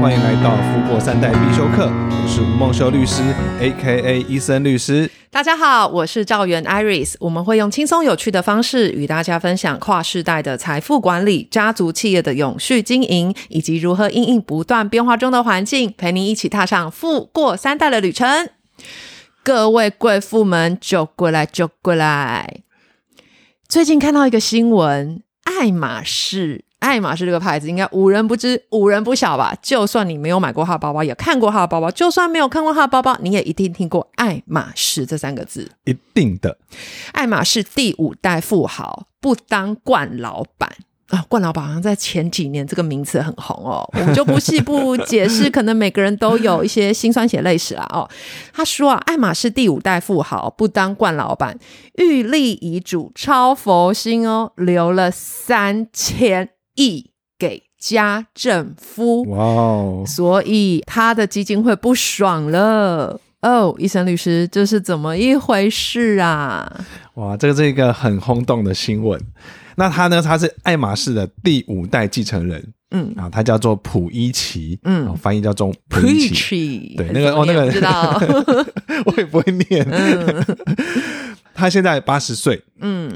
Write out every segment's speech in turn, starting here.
歡迎來到富過三代必修課，我是吳孟修律師 （A K A. 伊森律師）。大家好，我是趙媛 Iris，我們會用輕鬆有趣的方式與大家分享跨世代的財富管理、家族企業的永續經營，以及如何因應不斷變化中的環境，陪你一起踏上富過三代的旅程。各位貴婦們，就過來，就過來。最近看到一個新聞，愛馬仕。愛馬仕這個牌子應該無人不知、無人不曉吧？就算你沒有買過它的包包，也看過它的包包；就算沒有看過它的包包，你也一定聽過愛馬仕這三個字。一定的。愛馬仕第五代富豪不當慣老闆啊！慣、哦、老闆好像在前幾年這個名詞很紅哦。我們就不細不解釋， 可能每個人都有一些辛酸血淚史了、啊、哦。他說：“啊，愛馬仕第五代富豪不當慣老闆，預立遺囑超佛心哦，留了三千。”億給家政夫哇、wow，所以他的基金會不爽了哦。伊、oh, 森律師，這是怎麼一回事啊？哇，這個是一個很轟動的新聞。那他呢？他是愛馬仕的第五代繼承人，嗯，啊，他叫做普伊奇，嗯，翻譯叫做普伊奇、嗯，對，那個、哦、那個，知道， 我也不會念。嗯、 他現在八十歲，嗯。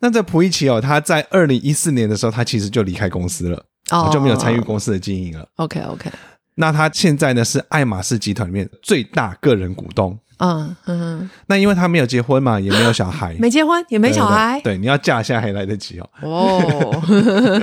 那這普伊奇哦，他在二零一四年的時候，他其實就離開公司了，哦、oh.，就沒有參與公司的經營了。OK OK。那他現在呢是愛馬仕集團裡面最大個人股東。嗯嗯。那因為他沒有結婚嘛，也沒有小孩。沒結婚也沒小孩，對對對。對，你要嫁下還來得及哦。哦。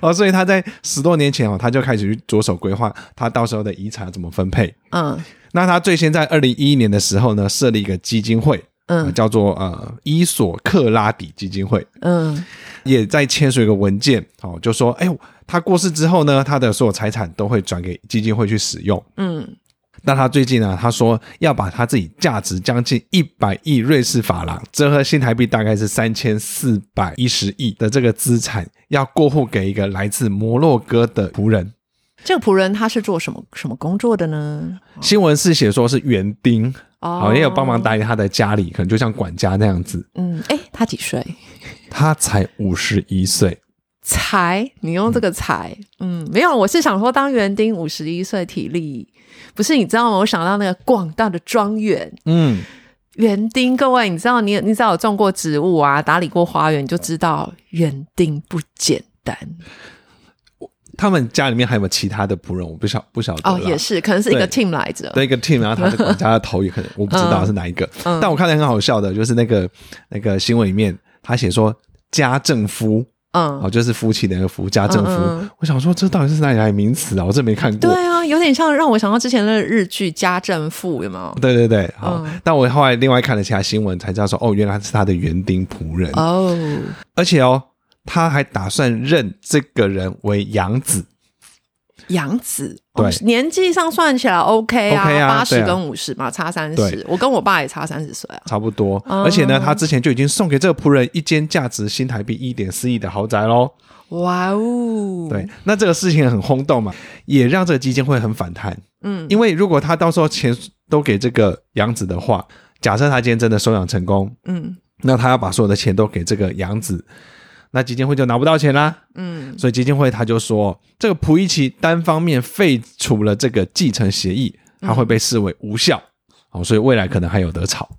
哦，所以他在十多年前哦，他就開始去着手規劃他到時候的遺產要怎麼分配。嗯、uh.。那他最先在二零一一年的時候呢，設立一個基金會。嗯、呃，叫做呃伊索克拉底基金會，嗯，也在簽署一個文件，哦，就說，哎呦，他過世之後呢，他的所有財產都會轉給基金會去使用，嗯，那他最近呢，他說要把他自己價值將近一百億瑞士法郎，折合新台幣大概是三千四百一十億的這個資產，要過戶給一個來自摩洛哥的僕人。這個僕人他是做什麼什麼工作的呢？新聞是寫說是園丁，哦、好，也有幫忙打理他的家裡，可能就像管家那樣子。嗯，哎、欸，他幾歲？他才五十一歲。才？你用這個“才”？嗯，沒有，我是想說當園丁五十一歲，體力不是你知道嗎？我想到那個廣大的莊園，嗯，園丁各位，你知道你你只要有種過植物啊，打理過花園，就知道園丁不簡單。他們家裡面還有沒有其他的僕人？我不曉不曉得。哦，也是，可能是一個 team 來着。對，對一個 team，然後他的管家的頭也可能， 我不知道是哪一個。嗯、但我看得很好笑的，就是那個那個新聞裡面，他寫說家政夫，嗯，哦，就是夫妻的那個夫，家政夫。嗯嗯我想說，這到底是哪裡來的名詞啊？我真沒看過。對啊，有點像讓我想到之前的日劇《家政婦》，有沒有？對對對，好、嗯。但我後來另外看了其他新聞，才知道說，哦，原來是他的園丁僕人。哦，而且哦。他還打算認這個人為養子。養子？對。年紀上算起來 OK 啊，八十、OK 啊、跟五十嘛，啊、差三十。我跟我爸也差三十歲啊，差不多、嗯。而且呢，他之前就已經送給這個僕人一間價值新台幣一點四億的豪宅嘍。哇哦，對，那這個事情很轟動嘛，也讓這個基金會很反彈。嗯，因為如果他到時候錢都給這個養子的話，假設他今天真的收養成功，嗯，那他要把所有的錢都給這個養子。那基金會就拿不到錢啦，嗯，所以基金會他就說，這個普伊奇單方面廢除了這個繼承協議，它會被視為無效，嗯，哦，所以未來可能還有得吵。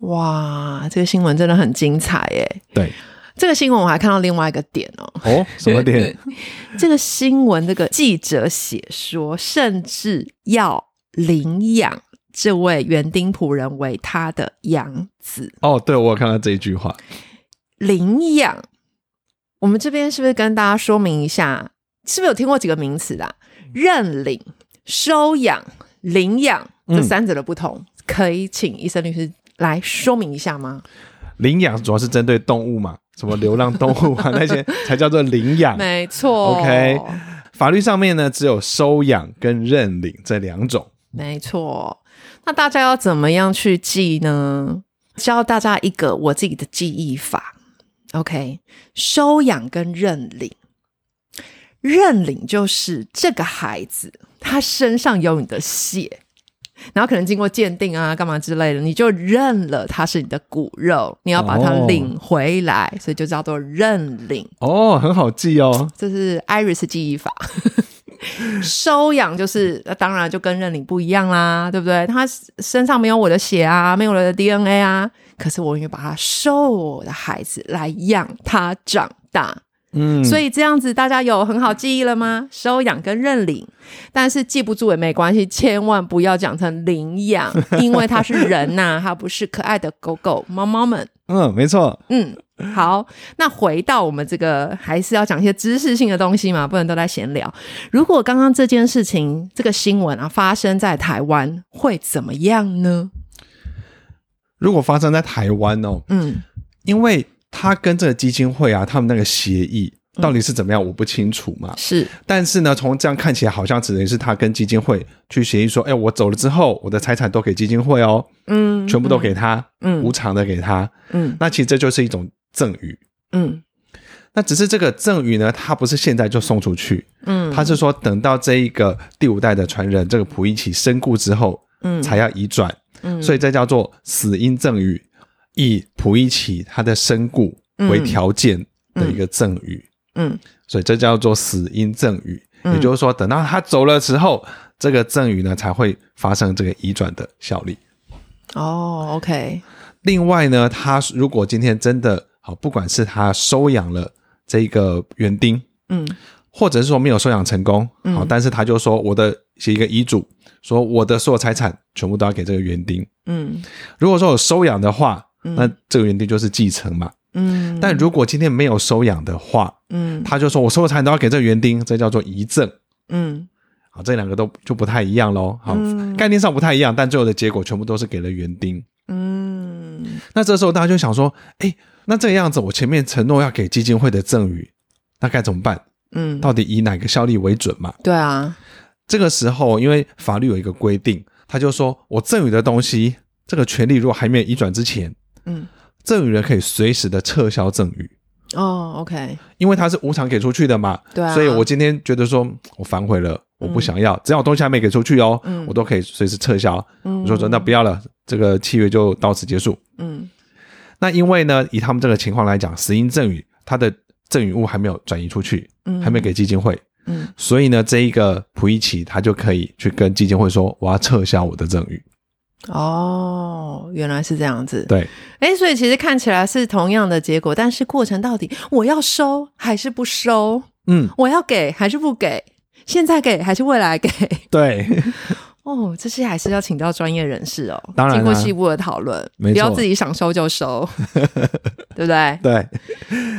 哇，這個新聞真的很精彩耶！對，這個新聞我還看到另外一個點哦，喔，哦，什麼點？ 這個新聞這個記者寫說，甚至要領養這位園丁僕人為他的養子。哦，對，我有看到這一句話，領養。我們這邊是不是跟大家說明一下？是不是有聽過幾個名詞的、啊、認領、收養、領養這三者的不同、嗯？可以請伊森律師來說明一下嗎？領養主要是針對動物嘛，什麼流浪動物啊 那些才叫做領養，沒錯。OK，法律上面呢只有收養跟認領這兩種，沒錯。那大家要怎麼樣去記呢？教大家一個我自己的記憶法。OK，收養跟認領，認領就是這個孩子他身上有你的血，然後可能經過鑑定啊幹嘛之類的，你就認了他是你的骨肉，你要把他領回來，哦、所以就叫做認領。哦，很好記哦，這是 Iris 記憶法。 收養就是、啊，當然就跟認領不一樣啦，對不對？他身上沒有我的血啊，沒有我的 DNA 啊。可是我卻把他收我的孩子來養他長大，嗯。所以這樣子大家有很好記憶了嗎？收養跟認領，但是記不住也沒關係，千萬不要講成領養，因為他是人吶、啊， 他不是可愛的狗狗、貓貓們。嗯，沒錯，嗯。好，那回到我們這個，還是要講一些知識性的東西嘛，不能都在閒聊。如果剛剛這件事情，這個新聞啊，發生在台灣，會怎麼樣呢？如果發生在台灣哦，嗯，因為他跟這個基金會啊，他們那個協議到底是怎麼樣，嗯，我不清楚嘛。是，但是呢，從這樣看起來，好像只能是他跟基金會去協議說，哎，我走了之後，我的財產都給基金會哦，嗯，全部都給他，嗯，無償的給他，嗯，那其實這就是一種。贈與，嗯，那只是這個贈與呢，他不是現在就送出去，嗯，他是說等到這一個第五代的傳人、嗯、這個普伊奇身故之後，嗯，才要移轉，嗯，所以這叫做死因贈與，以普伊奇他的身故為條件的一個贈與、嗯嗯，嗯，所以這叫做死因贈與，也就是說等到他走了之後，嗯、這個贈與呢才會發生這個移轉的效力，哦，OK，另外呢，他如果今天真的。好，不管是他收養了這一個園丁，嗯，或者是說沒有收養成功，嗯，但是他就說我的寫一個遺囑，說我的所有財產全部都要給這個園丁，嗯，如果說有收養的話，嗯，那這個園丁就是繼承嘛，嗯，但如果今天沒有收養的話，嗯，他就說我所有財產都要給這個園丁，這叫做遺贈，嗯，好，這兩個都就不太一樣嘍，好，嗯，概念上不太一樣，但最後的結果全部都是給了園丁，嗯，那這時候大家就想說，哎。那這個樣子，我前面承諾要給基金會的贈與，那該怎麼辦？嗯，到底以哪個效力為準嘛？對啊，這個時候因為法律有一個規定，他就說我贈與的東西，這個權利如果還沒有移轉之前，嗯，贈與人可以隨時的撤銷贈與。哦，OK，因為他是無償給出去的嘛，對、啊，所以我今天覺得說我反悔了，我不想要、嗯，只要我東西還沒給出去哦、嗯，我都可以隨時撤銷、嗯。我說說那不要了，這個契約就到此結束。嗯。嗯那因為呢，以他們這個情況來講，石英贈與他的贈與物還沒有轉移出去、嗯，還沒給基金會，嗯、所以呢，這一個普伊奇他就可以去跟基金會說，我要撤銷我的贈與。哦，原來是這樣子。對，哎、欸，所以其實看起來是同樣的結果，但是過程到底我要收還是不收？嗯，我要給還是不給？現在給還是未來給？對。 哦，這些還是要請到專業人士哦，當然啊、經過細部的討論，沒錯，不要自己想收就收，呵呵呵對不對？對，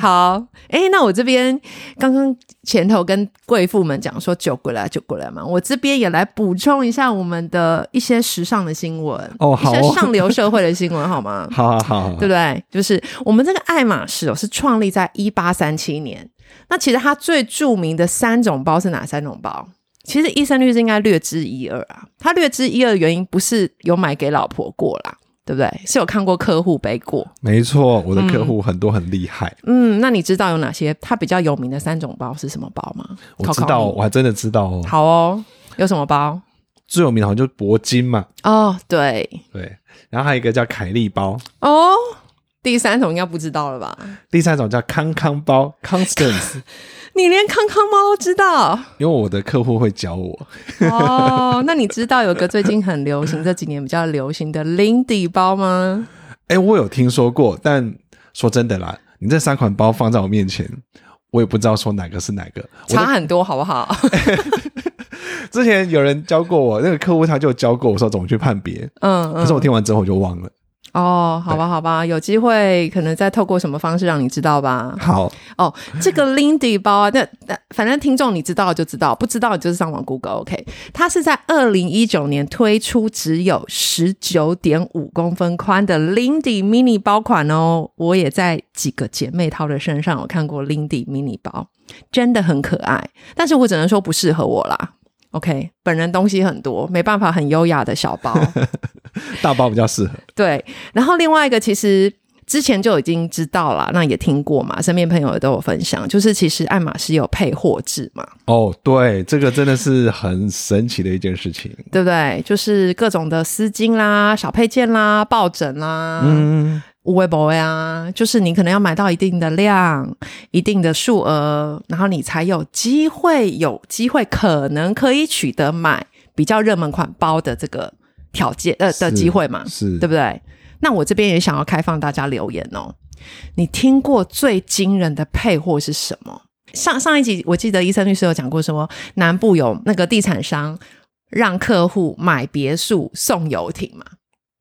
好，哎、欸，那我這邊剛剛前頭跟貴婦們講說，酒過來酒過來嘛，我這邊也來補充一下我們的一些時尚的新聞哦，哦，一些上流社會的新聞好嗎？ 好，好好好，對不對？就是我們這個愛馬仕哦，是創立在一八三七年，那其實它最著名的三種包是哪三種包？其實伊森律師應該略知一二啊，他略知一二的原因不是有買給老婆過啦，對不對？是有看過客戶背過，沒錯，我的客戶很多很厲害嗯。嗯，那你知道有哪些他比較有名的三種包是什麼包嗎？我知道，我還真的知道哦。好哦，有什麼包？最有名的好像就鉑金嘛。哦，對對，然後還有一個叫凱利包哦。第三種應該不知道了吧？第三種叫康康包 （Constance）， 你連康康貓都知道？因為我的客戶會教我。 哦，那你知道有個最近很流行、這幾年比較流行的 Lindy 包嗎？哎、欸，我有聽說過，但說真的啦，你這三款包放在我面前，我也不知道說哪個是哪個，差很多，好不好、？ 欸，之前有人教過我，那個客戶他就教過我說怎麼去判別，嗯，嗯，可是我聽完之後我就忘了。哦，好吧，好吧，有機會可能再透過什麼方式讓你知道吧。好，哦，這個 Lindy 包啊，那那反正聽眾你知道就知道，不知道就是上網 Google，OK。它是在二零一九年推出，只有十九點五公分寬的 Lindy Mini 包款哦。我也在幾個姐妹淘的身上有看過 Lindy Mini 包，真的很可愛，但是我只能說不適合我啦。OK，本人東西很多，沒辦法很優雅的小包， 大包比較適合。對，然後另外一個其實之前就已經知道了，那也聽過嘛，身邊朋友都有分享，就是其實愛馬仕有配貨制嘛。哦，對，這個真的是很神奇的一件事情， 對不對？就是各種的絲巾啦、小配件啦、抱枕啦，嗯。微會呀，就是你可能要買到一定的量、一定的數額，然後你才有機會，有機會可能可以取得買比較熱門款包的這個條件，呃，的機會嘛，是,是對不對？那我這邊也想要開放大家留言哦。你聽過最驚人的配貨是什麼？上上一集我記得伊森律師有講過說，什麼南部有那個地產商讓客戶買別墅送遊艇嘛？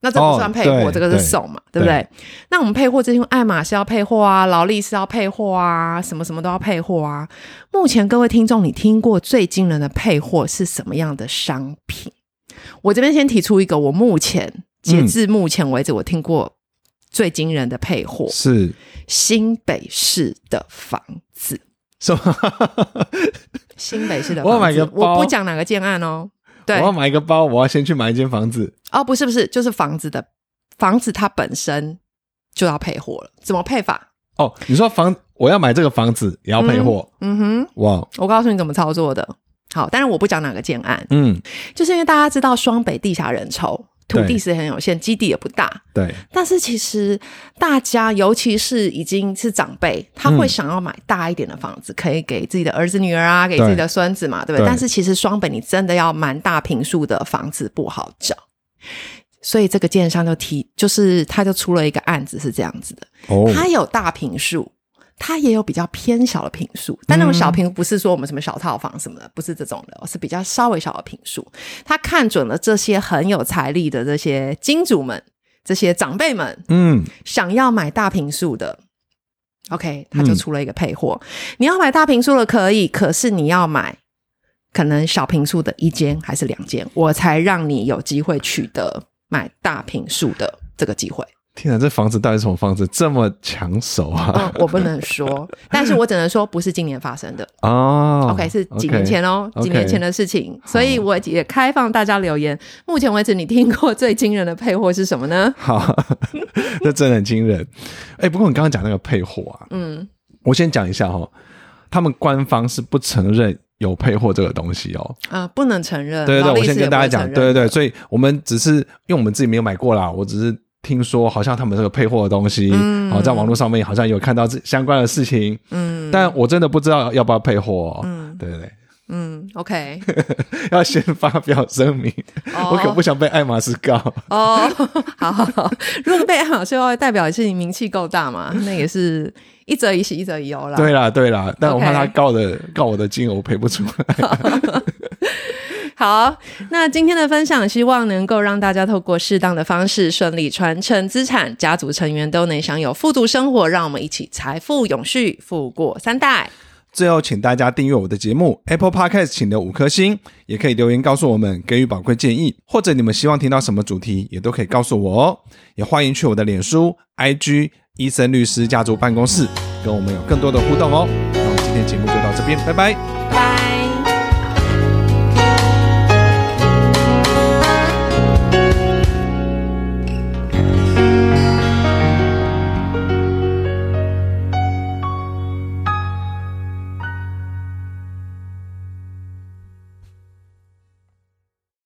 那這不算配貨，哦，這個是手嘛，對，對不對，對？那我們配貨，之前愛馬仕要配貨啊，勞力士要配貨啊，什麼什麼都要配貨啊。目前各位聽眾，你聽過最驚人的配貨是什麼樣的商品？我這邊先提出一個，我目前截至目前為止，我聽過最驚人的配貨是、嗯、新北市的房子，什麼 新北市的房子我，我不講哪個建案哦。對，我要買一個包，我要先去買一間房子。哦，不是不是，就是房子的，房子它本身就要配貨了，怎麼配法？哦，你說房我要買這個房子也要配貨，嗯？嗯哼，哇、wow，我告訴你怎麼操作的。好，當然我不講哪個建案。嗯，就是因為大家知道雙北地下人潮，土地是很有限，基地也不大。對，但是其實大家，尤其是已經是長輩，他會想要買大一點的房子，嗯、可以給自己的兒子、女兒啊，給自己的孫子嘛，對，對不對，對？但是其實雙北你真的要蠻大坪數的房子不好找，所以這個建商就提，就是他就出了一個案子是這樣子的，哦、他有大坪數。他也有比較偏小的坪數，但那種小坪不是說我們什麼小套房什麼的，嗯、不是這種的，是比較稍微小的坪數。他看準了這些很有財力的這些金主們、這些長輩們，嗯，想要買大坪數的，OK，他就出了一個配貨、嗯。你要買大坪數的可以，可是你要買可能小坪數的一間還是兩間，我才讓你有機會取得買大坪數的這個機會。天哪，這房子到底是什麼房子這麼搶手啊、哦？我不能說， 但是我只能說不是今年發生的哦。OK，是幾年前哦，okay, 幾年前的事情。Okay, 所以我也開放大家留言。哦、目前為止，你聽過最驚人的配貨是什麼呢？好，呵呵這真的很驚人。哎、 欸，不過你剛剛講那個配貨啊，嗯，我先講一下哈、哦，他們官方是不承認有配貨這個東西哦。啊、呃，不能承認。對對對，我先跟大家講，對對對，所以我們只是因為我們自己沒有買過啦，我只是。聽說好像他們這個配貨的東西，好、嗯哦，在網絡上面好像有看到這相關的事情。嗯，但我真的不知道要不要配貨、哦。嗯，對對對。嗯，OK。 要先發表聲明、哦，我可不想被愛馬仕告。哦，好好好。如果被愛馬仕告代表的是你名氣夠大嘛？ 那也是一則以喜，一則以憂啦。對啦，對啦，但我怕他告的、okay、告我的金額我賠不出來。 好，那今天的分享希望能夠讓大家透過適當的方式順利傳承資產，家族成員都能享有富足生活。讓我們一起財富永續，富過三代。最後，請大家訂閱我的節目 Apple Podcast，請留五顆星，也可以留言告訴我們，給予寶貴建議，或者你們希望聽到什麼主題，也都可以告訴我哦。也歡迎去我的臉書 IG 伊森律師家族辦公室，跟我們有更多的互動哦。那我們今天節目就到這邊，拜拜。拜拜。